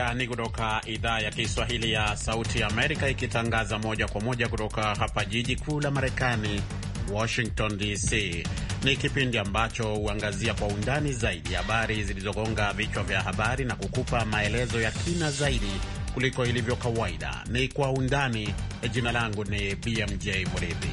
undani kutoka idhaa ya Kiswahili ya Sauti Amerika, ikitangaza moja kwa moja kutoka hapa jiji kuu la Marekani, Washington DC. Ni kipindi ambacho huangazia kwa undani zaidi habari zilizogonga vichwa vya habari na kukupa maelezo ya kina zaidi kuliko ilivyo kawaida. Ni kwa undani. Jina langu ni BMJ Mridhi.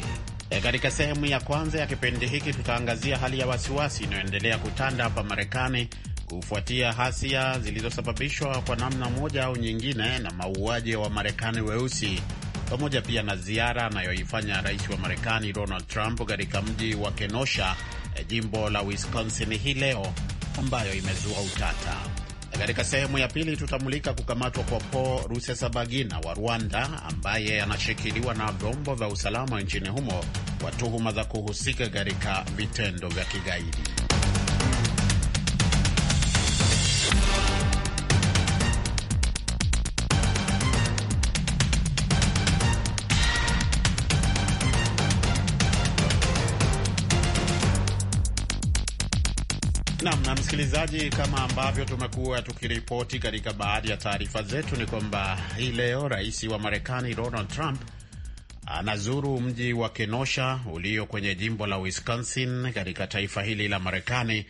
E, katika sehemu ya kwanza ya kipindi hiki tutaangazia hali ya wasiwasi inayoendelea kutanda hapa Marekani kufuatia hasia zilizosababishwa kwa namna moja au nyingine na mauaji ya Wamarekani weusi pamoja pia na ziara anayoifanya rais wa Marekani Donald Trump katika mji wa Kenosha, eh, jimbo la Wisconsin hii leo, ambayo imezua utata. Eh, katika sehemu ya pili tutamulika kukamatwa kwa Paul Rusesabagina wa Rwanda, ambaye anashikiliwa na vyombo vya usalama nchini humo kwa tuhuma za kuhusika katika vitendo vya kigaidi. Msikilizaji, kama ambavyo tumekuwa tukiripoti katika baadhi ya taarifa zetu, ni kwamba hii leo rais wa Marekani Donald Trump anazuru mji wa Kenosha ulio kwenye jimbo la Wisconsin katika taifa hili la Marekani,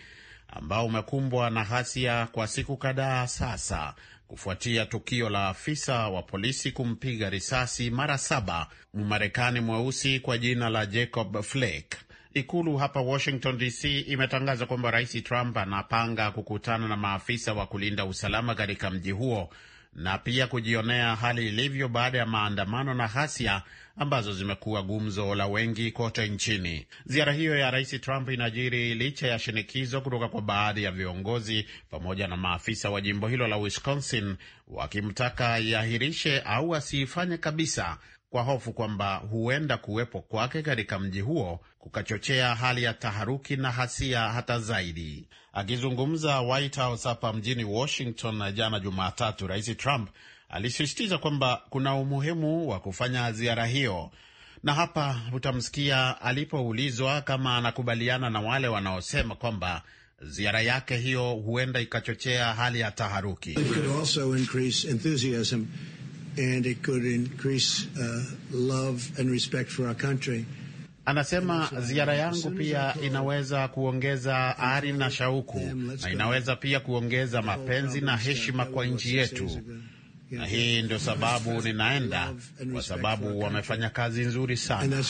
ambao umekumbwa na ghasia kwa siku kadhaa sasa kufuatia tukio la afisa wa polisi kumpiga risasi mara saba Mmarekani mweusi kwa jina la Jacob Flake. Ikulu hapa Washington DC imetangaza kwamba Rais Trump anapanga kukutana na maafisa wa kulinda usalama katika mji huo na pia kujionea hali ilivyo baada ya maandamano na ghasia ambazo zimekuwa gumzo la wengi kote nchini. Ziara hiyo ya Rais Trump inajiri licha ya shinikizo kutoka kwa baadhi ya viongozi pamoja na maafisa wa jimbo hilo la Wisconsin wakimtaka iahirishe au asiifanye kabisa kwa hofu kwamba huenda kuwepo kwake katika mji huo kukachochea hali ya taharuki na hasia hata zaidi. Akizungumza White House hapa mjini Washington na jana Jumatatu, Rais Trump alisisitiza kwamba kuna umuhimu wa kufanya ziara hiyo, na hapa utamsikia alipoulizwa kama anakubaliana na wale wanaosema kwamba ziara yake hiyo huenda ikachochea hali ya taharuki and it could increase, uh, love and respect for our country. Anasema ziara uh, yangu pia inaweza kuongeza ari na shauku na inaweza pia kuongeza mapenzi na heshima kwa nchi yetu na hii ndio sababu ninaenda, kwa sababu wamefanya kazi nzuri sana.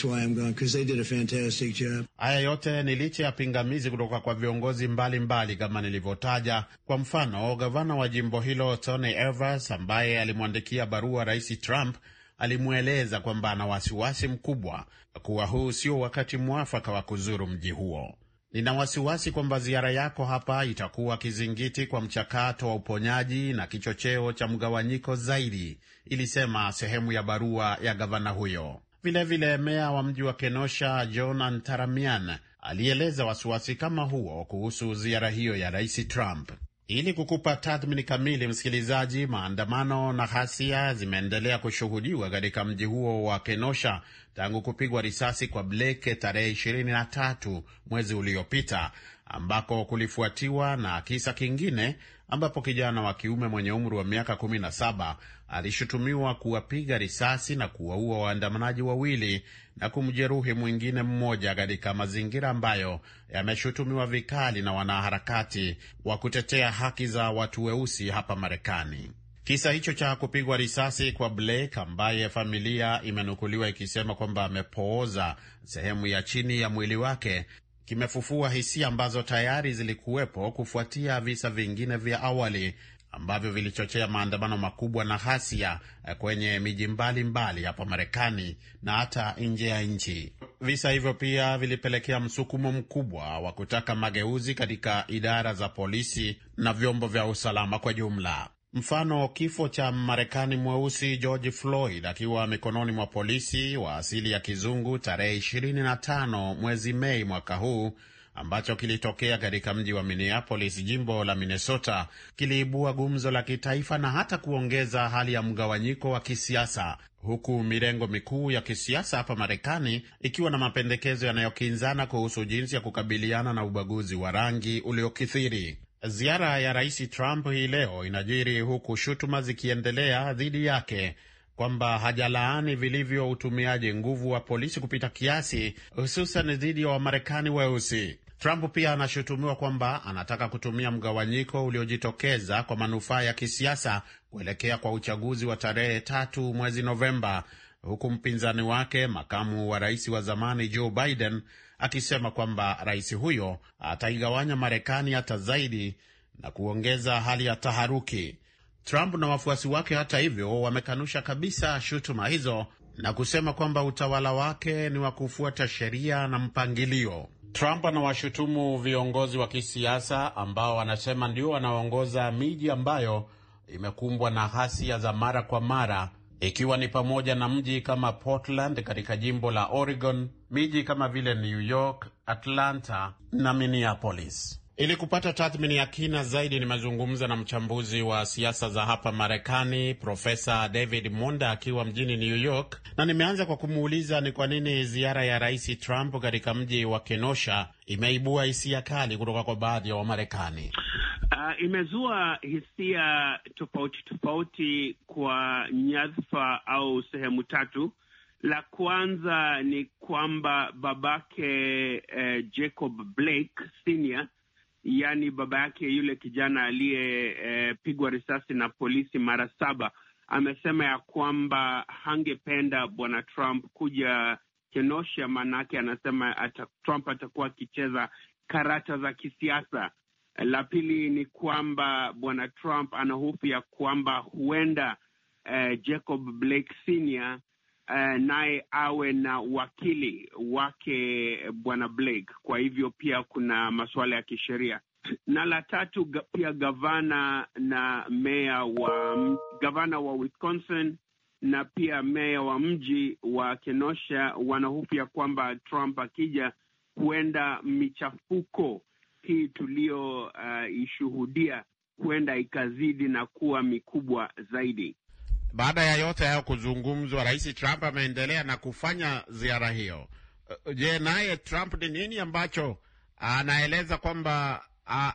Haya yote ni licha ya pingamizi kutoka kwa viongozi mbalimbali kama nilivyotaja. Kwa mfano, gavana wa jimbo hilo Tony Evers ambaye alimwandikia barua Rais Trump alimweleza kwamba ana wasiwasi mkubwa kuwa huu sio wakati mwafaka wa kuzuru mji huo. Nina wasiwasi kwamba ziara yako hapa itakuwa kizingiti kwa mchakato wa uponyaji na kichocheo cha mgawanyiko zaidi, ilisema sehemu ya barua ya gavana huyo. Vilevile, meya wa mji wa Kenosha John Antaramian alieleza wasiwasi kama huo kuhusu ziara hiyo ya Rais Trump. Ili kukupa tathmini kamili, msikilizaji, maandamano na ghasia zimeendelea kushuhudiwa katika mji huo wa Kenosha tangu kupigwa risasi kwa Blake tarehe 23 mwezi uliopita, ambako kulifuatiwa na kisa kingine ambapo kijana wa kiume mwenye umri wa miaka 17 alishutumiwa kuwapiga risasi na kuwaua waandamanaji wawili na kumjeruhi mwingine mmoja katika mazingira ambayo yameshutumiwa vikali na wanaharakati wa kutetea haki za watu weusi hapa Marekani. Kisa hicho cha kupigwa risasi kwa Blake ambaye familia imenukuliwa ikisema kwamba amepooza sehemu ya chini ya mwili wake kimefufua hisia ambazo tayari zilikuwepo kufuatia visa vingine vya awali ambavyo vilichochea maandamano makubwa na ghasia eh, kwenye miji mbalimbali hapa Marekani na hata nje ya nchi. Visa hivyo pia vilipelekea msukumo mkubwa wa kutaka mageuzi katika idara za polisi na vyombo vya usalama kwa jumla. Mfano, kifo cha Marekani mweusi George Floyd akiwa mikononi mwa polisi wa asili ya kizungu tarehe 25 mwezi Mei mwaka huu ambacho kilitokea katika mji wa Minneapolis, jimbo la Minnesota, kiliibua gumzo la kitaifa na hata kuongeza hali ya mgawanyiko wa kisiasa, huku mirengo mikuu ya kisiasa hapa Marekani ikiwa na mapendekezo yanayokinzana kuhusu jinsi ya kukabiliana na ubaguzi wa rangi uliokithiri. Ziara ya Rais Trump hii leo inajiri huku shutuma zikiendelea dhidi yake kwamba hajalaani vilivyo utumiaji nguvu wa polisi kupita kiasi, hususan dhidi ya Wamarekani weusi. Trump pia anashutumiwa kwamba anataka kutumia mgawanyiko uliojitokeza kwa manufaa ya kisiasa kuelekea kwa uchaguzi wa tarehe tatu mwezi Novemba, huku mpinzani wake makamu wa rais wa zamani Joe Biden akisema kwamba rais huyo ataigawanya Marekani hata zaidi na kuongeza hali ya taharuki. Trump na wafuasi wake, hata hivyo, wamekanusha kabisa shutuma hizo na kusema kwamba utawala wake ni wa kufuata sheria na mpangilio. Trump anawashutumu viongozi wa kisiasa ambao anasema ndio wanaongoza miji ambayo imekumbwa na ghasia za mara kwa mara ikiwa ni pamoja na mji kama Portland katika jimbo la Oregon, miji kama vile New York, Atlanta na Minneapolis. Ili kupata tathmini ya kina zaidi nimezungumza na mchambuzi wa siasa za hapa Marekani, Profesa David Monda akiwa mjini New York, na nimeanza kwa kumuuliza ni kwa nini ziara ya Rais Trump katika mji wa Kenosha imeibua hisia kali kutoka kwa baadhi ya wa Wamarekani. Uh, imezua hisia tofauti tofauti kwa nyadhifa au sehemu tatu. La kwanza ni kwamba babake eh, Jacob Blake Senior yaani baba yake yule kijana aliyepigwa eh, e, risasi na polisi mara saba, amesema ya kwamba hangependa bwana Trump kuja Kenosha, maanake anasema ata, Trump atakuwa akicheza karata za kisiasa. La pili ni kwamba bwana Trump ana hofu ya kwamba huenda eh, Jacob Blake Senior uh, naye awe na wakili wake eh, bwana Blake. Kwa hivyo pia kuna masuala ya kisheria, na la tatu pia gavana na meya wa gavana wa Wisconsin na pia meya wa mji wa Kenosha wanahofia kwamba Trump akija, huenda michafuko hii tuliyoishuhudia eh, uh, huenda ikazidi na kuwa mikubwa zaidi. Baada ya yote hayo kuzungumzwa, Rais Trump ameendelea na kufanya ziara hiyo. Uh, je, naye Trump ni nini ambacho anaeleza kwamba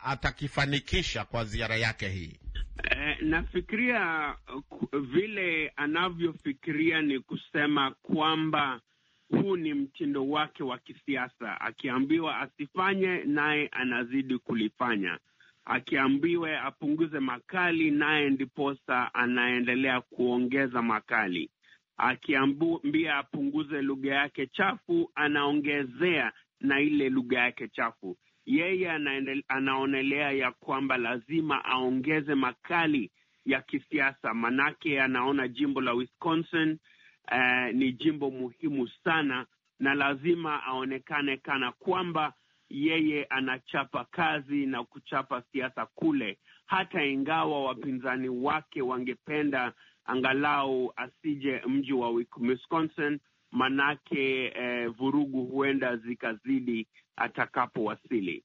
atakifanikisha kwa ziara yake hii? E, nafikiria uh, vile anavyofikiria ni kusema kwamba huu ni mtindo wake wa kisiasa, akiambiwa asifanye naye anazidi kulifanya akiambiwe apunguze makali, naye ndiposa anaendelea kuongeza makali. Akiambia apunguze lugha yake chafu, anaongezea na ile lugha yake chafu. Yeye anaonelea ya kwamba lazima aongeze makali ya kisiasa, manake anaona jimbo la Wisconsin eh, ni jimbo muhimu sana na lazima aonekane kana kwamba yeye anachapa kazi na kuchapa siasa kule, hata ingawa wapinzani wake wangependa angalau asije mji wa Wisconsin, manake eh, vurugu huenda zikazidi atakapowasili.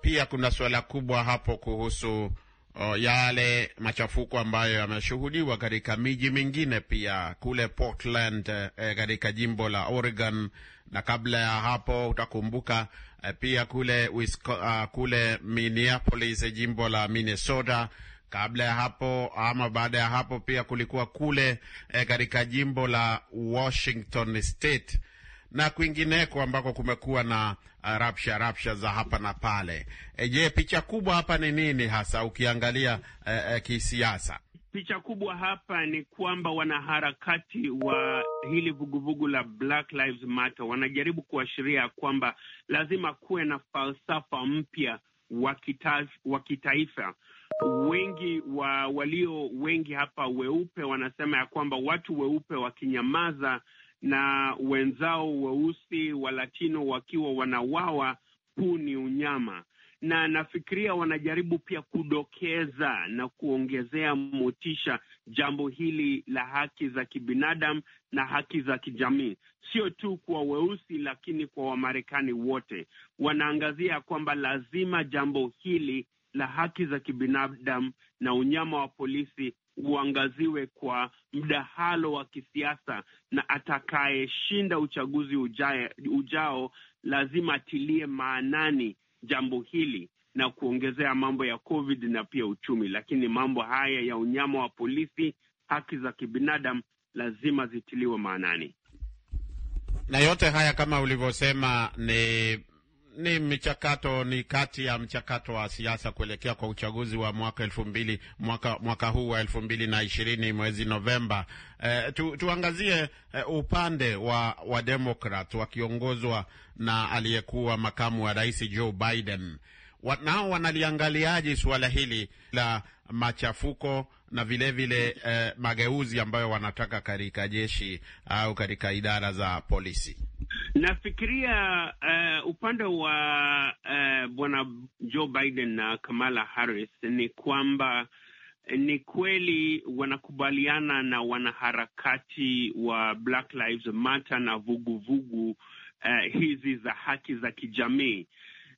Pia kuna suala kubwa hapo kuhusu o yale machafuko ambayo yameshuhudiwa katika miji mingine pia kule Portland e, katika jimbo la Oregon na kabla ya hapo utakumbuka e, pia kule Wisco, uh, kule Minneapolis e, jimbo la Minnesota. Kabla ya hapo ama baada ya hapo pia kulikuwa kule e, katika jimbo la Washington State na kwingineko ambako kumekuwa na uh, rapsha rapsha za hapa na pale. E, je, picha kubwa hapa ni nini hasa ukiangalia e, e, kisiasa? Picha kubwa hapa ni kwamba wanaharakati wa hili vuguvugu la Black Lives Matter wanajaribu kuashiria kwamba lazima kuwe na falsafa mpya wa kitaifa. Wengi wa walio wengi hapa weupe wanasema ya kwamba watu weupe wakinyamaza na wenzao weusi wa Latino wakiwa wanawawa. Huu ni unyama, na nafikiria wanajaribu pia kudokeza na kuongezea motisha jambo hili la haki za kibinadamu na haki za kijamii, sio tu kwa weusi, lakini kwa Wamarekani wote. Wanaangazia kwamba lazima jambo hili la haki za kibinadamu na unyama wa polisi uangaziwe kwa mdahalo wa kisiasa, na atakayeshinda uchaguzi ujae, ujao lazima atilie maanani jambo hili na kuongezea mambo ya COVID na pia uchumi. Lakini mambo haya ya unyama wa polisi, haki za kibinadamu lazima zitiliwe maanani na yote haya kama ulivyosema ni ni mchakato ni kati ya mchakato wa siasa kuelekea kwa uchaguzi wa mwaka elfu mbili mwaka, mwaka huu wa elfu mbili na ishirini mwezi Novemba. E, tu, tuangazie e, upande wa wademokrat wakiongozwa na aliyekuwa makamu wa rais Joe Biden nao wanaliangaliaji suala hili la machafuko na vilevile vile, e, mageuzi ambayo wanataka katika jeshi au katika idara za polisi. Nafikiria uh, upande wa uh, bwana Joe Biden na Kamala Harris ni kwamba ni kweli wanakubaliana na wanaharakati wa Black Lives Matter na vuguvugu uh, hizi za haki za kijamii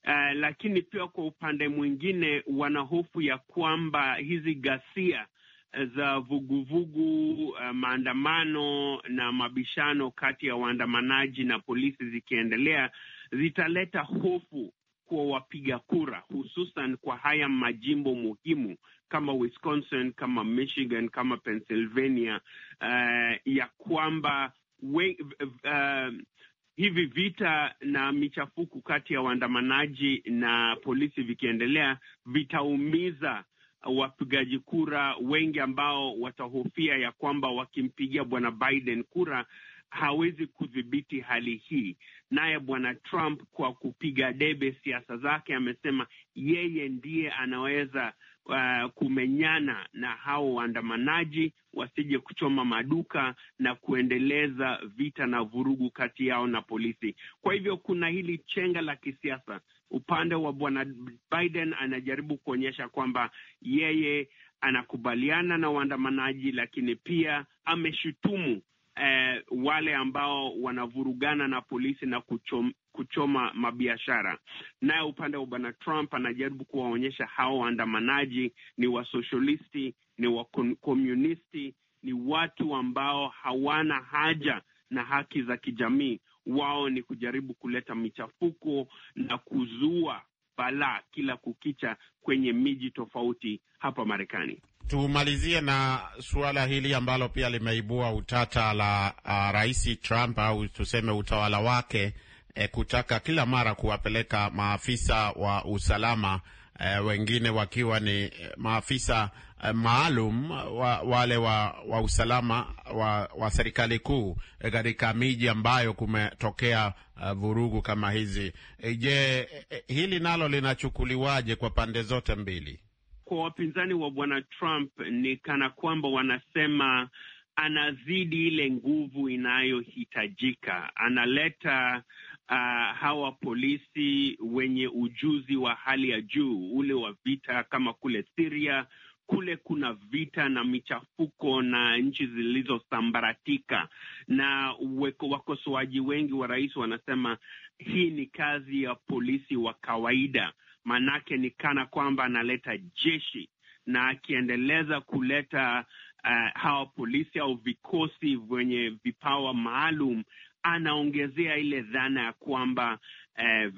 uh, lakini pia kwa upande mwingine wana hofu ya kwamba hizi ghasia za vuguvugu uh, maandamano na mabishano kati ya waandamanaji na polisi zikiendelea, zitaleta hofu kwa wapiga kura, hususan kwa haya majimbo muhimu kama Wisconsin, kama Michigan, kama Pennsylvania, uh, ya kwamba we, uh, hivi vita na michafuku kati ya waandamanaji na polisi vikiendelea vitaumiza wapigaji kura wengi ambao watahofia ya kwamba wakimpigia bwana Biden kura hawezi kudhibiti hali hii. Naye bwana Trump kwa kupiga debe siasa zake amesema yeye ndiye anaweza uh, kumenyana na hao waandamanaji wasije kuchoma maduka na kuendeleza vita na vurugu kati yao na polisi. Kwa hivyo kuna hili chenga la kisiasa upande wa bwana Biden anajaribu kuonyesha kwamba yeye anakubaliana na waandamanaji, lakini pia ameshutumu eh, wale ambao wanavurugana na polisi na kuchom, kuchoma mabiashara. Naye upande wa bwana Trump anajaribu kuwaonyesha hao waandamanaji ni wasoshalisti, ni wakomunisti, ni watu ambao hawana haja na haki za kijamii wao ni kujaribu kuleta michafuko na kuzua balaa kila kukicha kwenye miji tofauti hapa Marekani. Tumalizie na suala hili ambalo pia limeibua utata la uh, Rais Trump au tuseme utawala wake eh, kutaka kila mara kuwapeleka maafisa wa usalama eh, wengine wakiwa ni eh, maafisa eh, maalum eh, wa, wale wa, wa usalama wa, wa serikali kuu eh, katika miji ambayo kumetokea eh, vurugu kama hizi. Je, hili nalo linachukuliwaje kwa pande zote mbili? Kwa wapinzani wa bwana Trump ni kana kwamba wanasema anazidi ile nguvu inayohitajika, analeta uh, hawa polisi wenye ujuzi wa hali ya juu ule wa vita, kama kule Syria kule kuna vita na michafuko na nchi zilizosambaratika, na wakosoaji wengi wa rais wanasema hii ni kazi ya polisi wa kawaida, maanake ni kana kwamba analeta jeshi na akiendeleza kuleta uh, hawa polisi au vikosi vyenye vipawa maalum anaongezea ile dhana ya kwamba eh,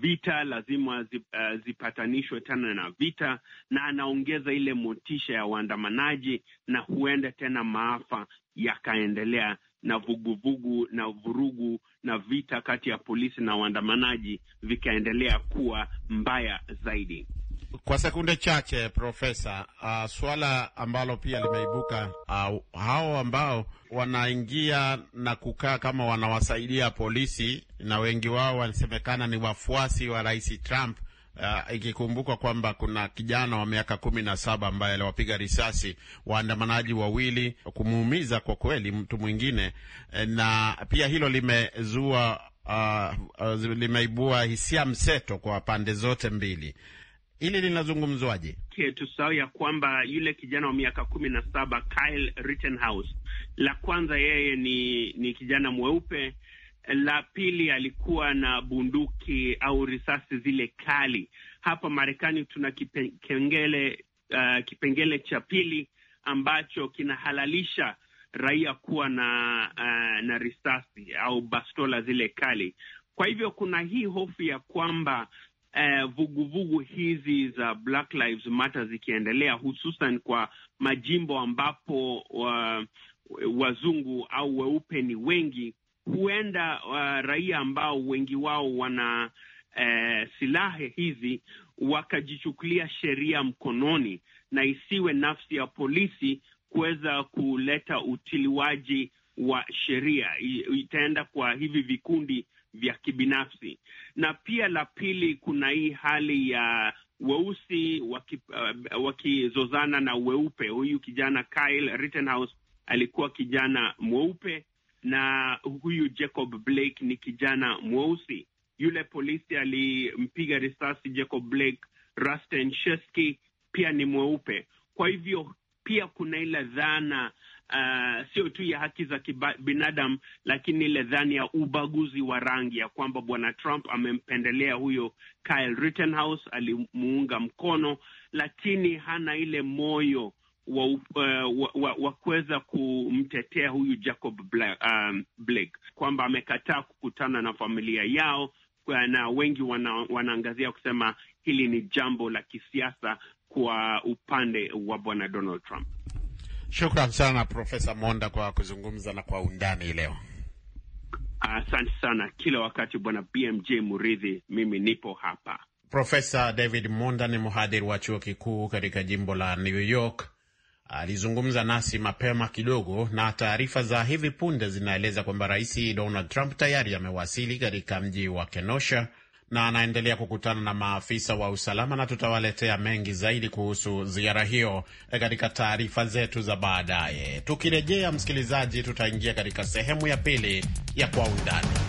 vita lazima zip, uh, eh, zipatanishwe tena na vita, na anaongeza ile motisha ya waandamanaji, na huenda tena maafa yakaendelea na vuguvugu vugu, na vurugu na vita kati ya polisi na waandamanaji vikaendelea kuwa mbaya zaidi. Kwa sekunde chache, Profesa, uh, suala ambalo pia limeibuka uh, hao ambao wanaingia na kukaa kama wanawasaidia polisi na wengi wao wanasemekana ni wafuasi wa Rais Trump. Uh, ikikumbukwa kwamba kuna kijana wa miaka kumi na saba ambaye aliwapiga risasi waandamanaji wawili kumuumiza kwa kweli mtu mwingine, eh, na pia hilo limezua uh, uh, limeibua hisia mseto kwa pande zote mbili hili linazungumzwaje? Tusahau ya kwamba yule kijana wa miaka kumi na saba Kyle Rittenhouse, la kwanza yeye ni, ni kijana mweupe la pili alikuwa na bunduki au risasi zile kali. Hapa Marekani tuna kipengele uh, kipengele cha pili ambacho kinahalalisha raia kuwa na uh, na risasi au bastola zile kali. Kwa hivyo kuna hii hofu ya kwamba Eh, vuguvugu uh, vugu hizi za Black Lives Matter zikiendelea, hususan kwa majimbo ambapo uh, wazungu au weupe ni wengi, huenda uh, raia ambao wengi wao wana uh, silaha hizi wakajichukulia sheria mkononi na isiwe nafsi ya polisi kuweza kuleta utiliwaji wa sheria. Itaenda kwa hivi vikundi vya kibinafsi. Na pia la pili, kuna hii hali ya weusi waki, uh, wakizozana na weupe. Huyu kijana Kyle Rittenhouse alikuwa kijana mweupe na huyu Jacob Blake ni kijana mweusi. Yule polisi alimpiga risasi Jacob Blake, Rusten Shesky pia ni mweupe. Kwa hivyo pia kuna ile dhana uh, sio tu ya haki za kibinadamu, lakini ile dhani ya ubaguzi wa rangi ya kwamba bwana Trump amempendelea huyo Kyle Rittenhouse, alimuunga mkono, lakini hana ile moyo wa, uh, wa, wa, wa kuweza kumtetea huyu Jacob Blake, um, Blake kwamba amekataa kukutana na familia yao, eh, na wengi wana, wanaangazia kusema hili ni jambo la kisiasa kwa upande wa bwana Donald Trump. Shukran sana Profesa Monda kwa kuzungumza na kwa undani leo. Asante uh, sana. Kila wakati Bwana BMJ Muridhi, mimi nipo hapa. Profesa David Monda ni mhadhiri wa chuo kikuu katika jimbo la New York. Alizungumza nasi mapema kidogo, na taarifa za hivi punde zinaeleza kwamba Rais Donald Trump tayari amewasili katika mji wa Kenosha na anaendelea kukutana na maafisa wa usalama, na tutawaletea mengi zaidi kuhusu ziara hiyo e, katika taarifa zetu za baadaye. Tukirejea msikilizaji, tutaingia katika sehemu ya pili ya Kwa Undani.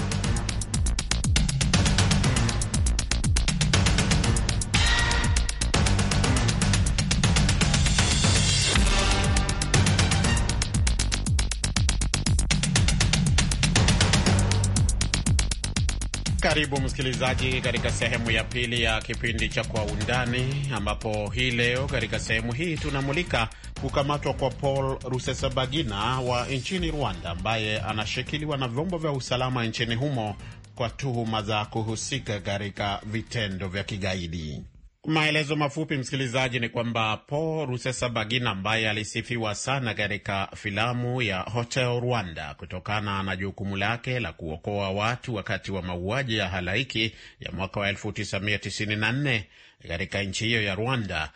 Karibu msikilizaji, katika sehemu ya pili ya kipindi cha Kwa Undani, ambapo hii leo katika sehemu hii tunamulika kukamatwa kwa Paul Rusesabagina wa nchini Rwanda, ambaye anashikiliwa na vyombo vya usalama nchini humo kwa tuhuma za kuhusika katika vitendo vya kigaidi. Maelezo mafupi, msikilizaji, ni kwamba Paul Rusesabagina ambaye alisifiwa sana katika filamu ya Hotel Rwanda kutokana na jukumu lake la kuokoa watu wakati wa mauaji ya halaiki ya mwaka wa 1994 katika nchi hiyo ya Rwanda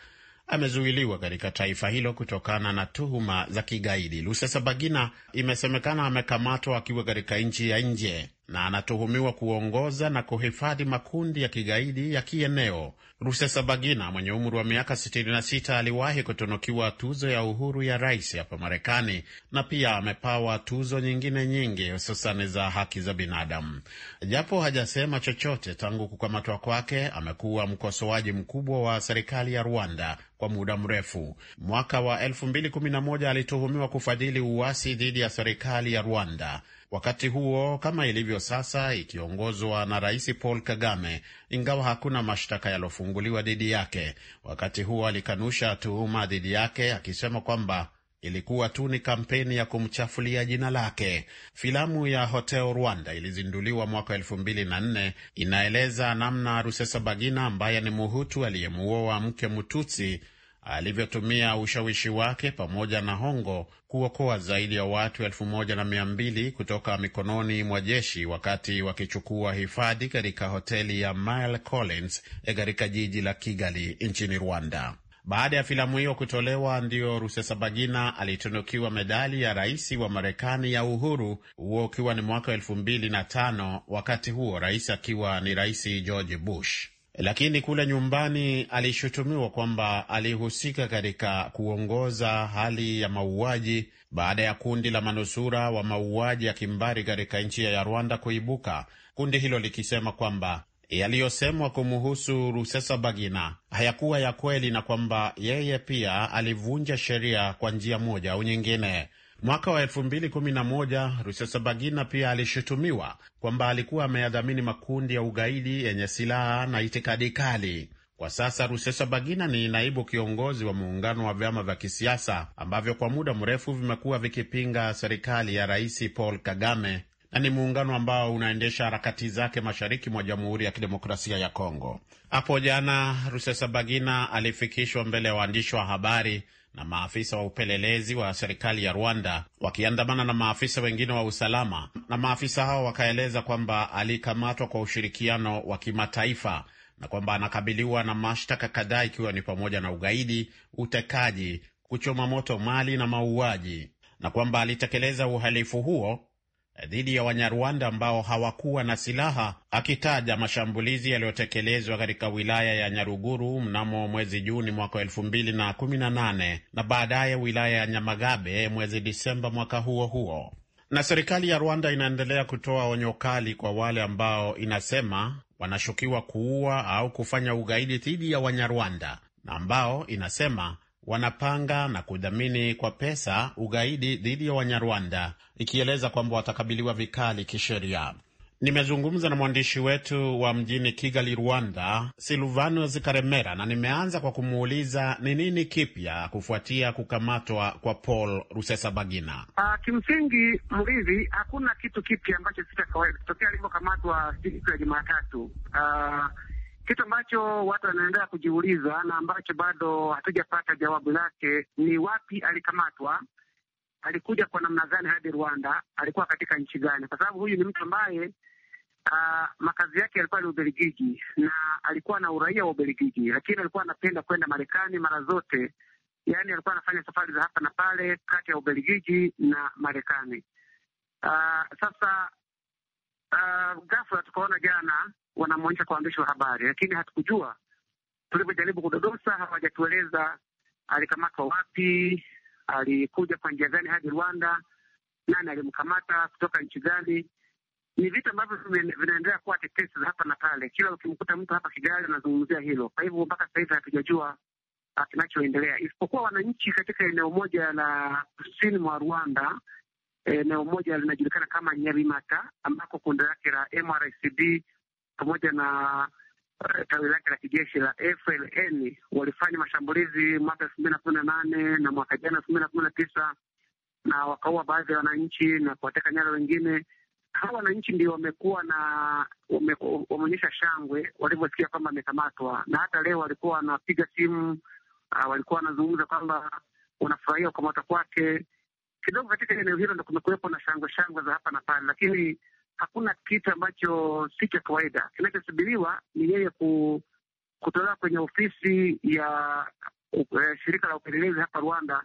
amezuiliwa katika taifa hilo kutokana na tuhuma za kigaidi. Rusesabagina imesemekana amekamatwa akiwa katika nchi ya nje na anatuhumiwa kuongoza na kuhifadhi makundi ya kigaidi ya kieneo. Rusesabagina mwenye umri wa miaka 66 aliwahi kutunukiwa tuzo ya uhuru ya rais hapa Marekani na pia amepawa tuzo nyingine nyingi hususani za haki za binadamu. Japo hajasema chochote tangu kukamatwa kwake, amekuwa mkosoaji mkubwa wa serikali ya Rwanda kwa muda mrefu. Mwaka wa 2011 alituhumiwa kufadhili uasi dhidi ya serikali ya Rwanda wakati huo kama ilivyo sasa, ikiongozwa na Rais Paul Kagame, ingawa hakuna mashtaka yalofunguliwa dhidi yake. Wakati huo alikanusha tuhuma dhidi yake akisema kwamba ilikuwa tu ni kampeni ya kumchafulia jina lake. Filamu ya Hotel Rwanda ilizinduliwa mwaka elfu mbili na nne inaeleza namna Rusesabagina ambaye ni Muhutu aliyemuoa mke Mututsi alivyotumia ushawishi wake pamoja na hongo kuokoa zaidi ya watu elfu moja na mia mbili kutoka mikononi mwa jeshi wakati wakichukua hifadhi katika hoteli ya Mile Collins eh, katika jiji la Kigali nchini Rwanda. Baada ya filamu hiyo kutolewa, ndiyo Rusesabagina alitunukiwa medali ya rais wa Marekani ya uhuru, huo ukiwa ni mwaka elfu mbili na tano, wakati huo rais akiwa ni Rais George Bush lakini kule nyumbani alishutumiwa kwamba alihusika katika kuongoza hali ya mauaji baada ya kundi la manusura wa mauaji ya kimbari katika nchi ya Rwanda kuibuka, kundi hilo likisema kwamba yaliyosemwa kumuhusu Rusesabagina hayakuwa ya kweli na kwamba yeye pia alivunja sheria kwa njia moja au nyingine. Mwaka wa 2011 Rusesabagina pia alishutumiwa kwamba alikuwa ameyadhamini makundi ya ugaidi yenye silaha na itikadi kali. Kwa sasa Rusesabagina ni naibu kiongozi wa muungano wa vyama vya kisiasa ambavyo kwa muda mrefu vimekuwa vikipinga serikali ya Rais Paul Kagame na ni muungano ambao unaendesha harakati zake mashariki mwa Jamhuri ya Kidemokrasia ya Kongo. Hapo jana Rusesabagina alifikishwa mbele ya waandishi wa habari na maafisa wa upelelezi wa serikali ya Rwanda wakiandamana na maafisa wengine wa usalama, na maafisa hao wakaeleza kwamba alikamatwa kwa ushirikiano wa kimataifa na kwamba anakabiliwa na mashtaka kadhaa ikiwa ni pamoja na ugaidi, utekaji, kuchoma moto mali na mauaji, na kwamba alitekeleza uhalifu huo dhidi ya Wanyarwanda ambao hawakuwa na silaha, akitaja mashambulizi yaliyotekelezwa katika wilaya ya Nyaruguru mnamo mwezi Juni mwaka elfu mbili na kumi na nane na baadaye wilaya ya Nyamagabe mwezi Disemba mwaka huo huo. Na serikali ya Rwanda inaendelea kutoa onyo kali kwa wale ambao inasema wanashukiwa kuua au kufanya ugaidi dhidi ya Wanyarwanda na ambao inasema wanapanga na kudhamini kwa pesa ugaidi dhidi ya Wanyarwanda, ikieleza kwamba watakabiliwa vikali kisheria. Nimezungumza na mwandishi wetu wa mjini Kigali, Rwanda, Silvanos Karemera, na nimeanza kwa kumuuliza ni nini kipya kufuatia kukamatwa kwa Paul Rusesabagina. Uh, kimsingi mridhi, hakuna kitu kipya ambacho si kawaida tokea alivyokamatwa siku ya Jumatatu. Uh, kitu ambacho watu wanaendelea kujiuliza na ambacho bado hatujapata jawabu lake ni wapi alikamatwa, alikuja kwa namna gani hadi Rwanda, alikuwa katika nchi gani? Kwa sababu huyu ni mtu ambaye Uh, makazi yake yalikuwa ni Ubelgiji na alikuwa na uraia wa Ubelgiji, lakini alikuwa anapenda kwenda Marekani mara zote. Yaani alikuwa anafanya safari za hapa na pale kati ya Ubelgiji na Marekani. Uh, sasa uh, ghafla tukaona jana wanamwonyesha kwa waandishi wa habari, lakini hatukujua. Tulivyojaribu kudodosa, hawajatueleza alikamatwa wapi, alikuja kwa njia gani hadi Rwanda, nani alimkamata, kutoka nchi gani. Ni vitu ambavyo vinaendelea kuwa tetesi za hapa na pale. Kila ukimkuta mtu hapa Kigali anazungumzia hilo. Kwa hivyo mpaka sasa hivi hatujajua ah, kinachoendelea, isipokuwa wananchi katika eneo moja la kusini mwa Rwanda, eh, eneo moja linajulikana kama Nyabimata, ambako kundi lake la MRCD pamoja na eh, tawi lake la kijeshi la FLN walifanya mashambulizi mwaka elfu mbili na kumi na nane na mwaka jana elfu mbili na kumi na tisa na wakaua baadhi ya wananchi na kuwateka nyara wengine. Hawa wananchi ndio wamekuwa na wameonyesha shangwe walivyosikia kwamba amekamatwa, na hata leo walikuwa wanapiga simu uh, walikuwa wanazungumza kwamba wanafurahia ukamata kwake. Kidogo katika eneo hilo ndo kumekuwepo na shangwe shangwe za hapa na pale, lakini hakuna kitu ambacho si cha kawaida. Kinachosubiriwa ni yeye kutolewa kwenye ofisi ya uh, shirika la upelelezi hapa Rwanda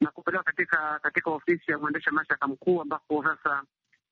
na kupelekwa katika katika ofisi ya mwendesha mashtaka mkuu ambapo sasa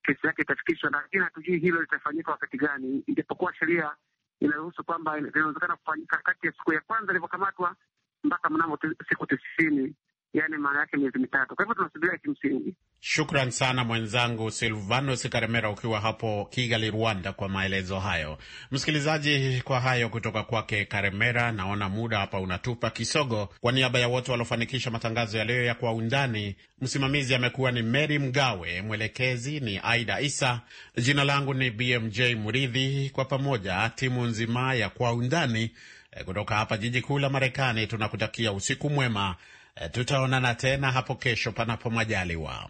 kesi yake itafikishwa, lakini hatujui hilo litafanyika wakati gani, ijapokuwa sheria inaruhusu kwamba inawezekana kufanyika kati ya siku ya kwanza ilivyokamatwa mpaka mnamo siku tisini yani maana yake miezi mitatu. Kwa hivyo tunasubiria kimsingi. Shukran sana mwenzangu Silvano Sikaremera ukiwa hapo Kigali, Rwanda, kwa maelezo hayo. Msikilizaji, kwa hayo kutoka kwake Karemera, naona muda hapa unatupa kisogo. Kwa niaba ya wote waliofanikisha matangazo ya leo ya Kwa Undani, msimamizi amekuwa ni Mary Mgawe, mwelekezi ni Aida Isa, jina langu ni BMJ Muridhi. Kwa pamoja timu nzima ya Kwa Undani eh, kutoka hapa jiji kuu la Marekani tunakutakia usiku mwema Eh, tutaonana tena hapo kesho, panapo majaliwa.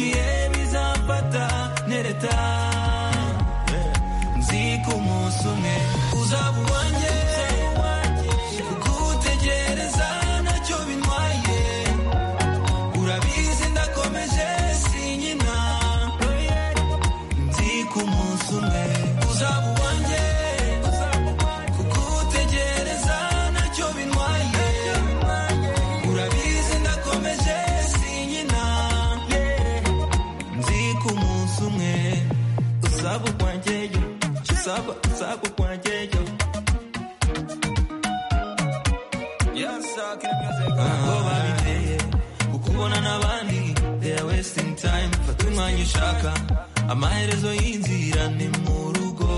nipatie bizafata nereta nzikumusume uzabuwanje saba kwa kwanjejo yasakirabyose ah. ukubona n'abandi they are wasting time fata umwanya ushaka amaherezo y'inzira ni mu rugo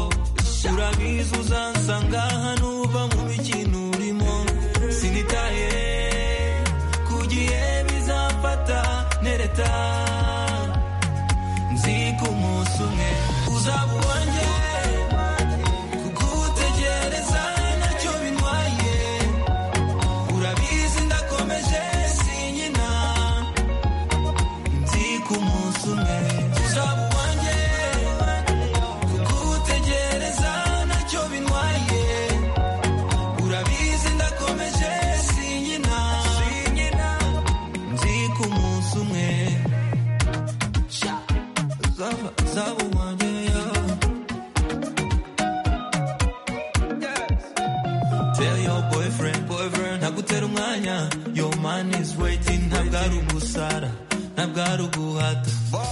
urabizi uzansanga hano uva mu mikino urimo sinitaye kugiye gihe bizafata nereta nzi ku munsi umwe uzaba ntaruguhata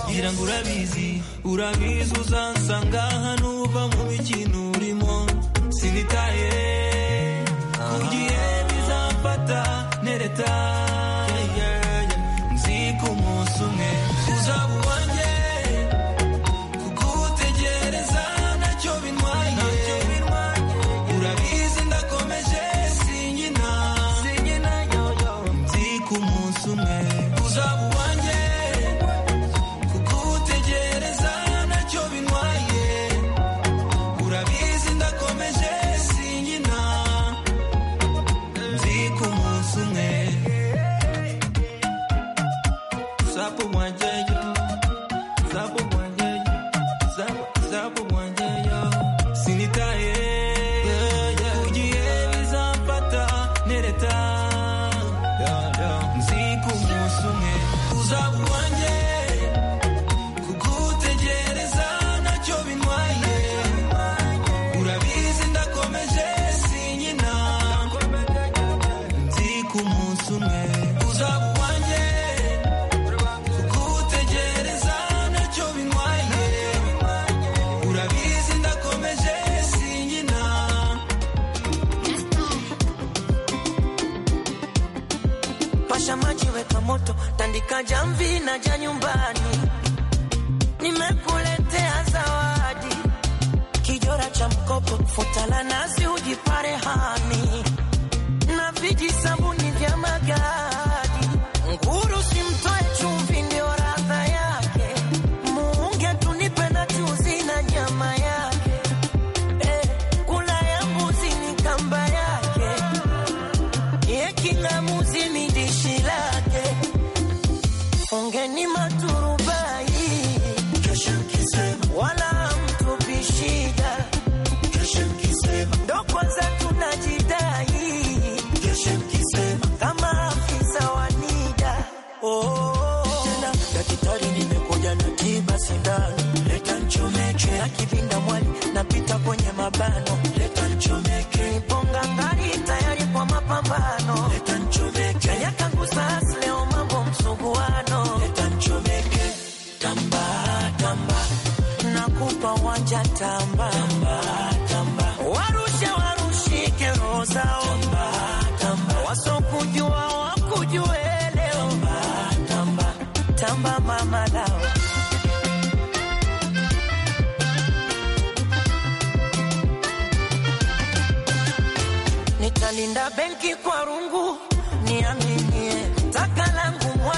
ngira ngo urabizi urabizi uzansanga hano uva mu bikintu urimo sinitaye ugiye